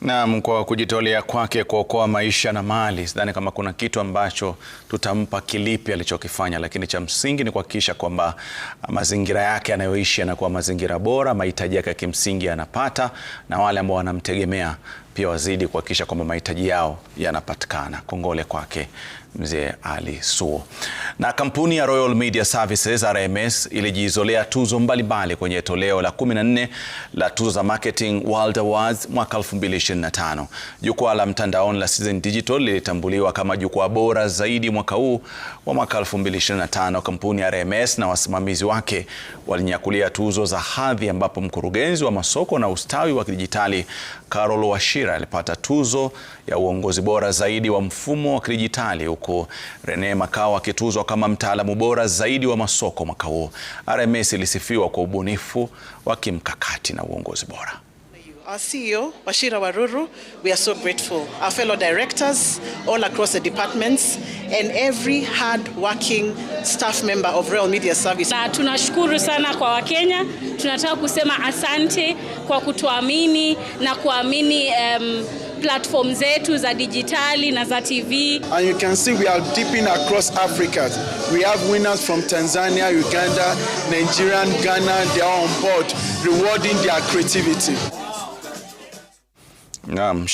Naam, kwa kujitolea kwake kuokoa maisha na mali, sidhani kama kuna kitu ambacho tutampa kilipi alichokifanya, lakini cha msingi ni kuhakikisha kwamba mazingira yake anayoishi yanakuwa mazingira bora, mahitaji yake ya kimsingi yanapata, na wale ambao wanamtegemea pia wazidi kuhakikisha kwamba mahitaji yao yanapatikana. Kongole kwake mzee Ali Suo. Na kampuni ya Royal Media Services RMS ilijizolea tuzo mbalimbali kwenye toleo la 14 la tuzo za Marketing World Awards mwaka 2025. Jukwaa la mtandaoni la Citizen Digital lilitambuliwa kama jukwaa bora zaidi mwaka huu wa mwaka 2025. Kampuni ya RMS na wasimamizi wake walinyakulia tuzo za hadhi, ambapo mkurugenzi wa masoko na ustawi wa kidijitali Carol Washi Bashir alipata tuzo ya uongozi bora zaidi wa mfumo wa kidijitali huku Rene Makao akituzwa kama mtaalamu bora zaidi wa masoko mwaka huu. RMS ilisifiwa kwa ubunifu wa kimkakati na uongozi bora. Our CEO, Bashira Waruru, we are so grateful. Our fellow directors, all across the departments, and every hard-working staff member of Real Media Service. Na tunashukuru sana kwa Wakenya. Tunataka kusema asante kwa kutuamini na kuamini um, platform zetu za dijitali na za TV. And you can see we are dipping across Africa. We have winners from Tanzania, Uganda, Nigeria, Ghana, they are on board, rewarding their creativity. Um,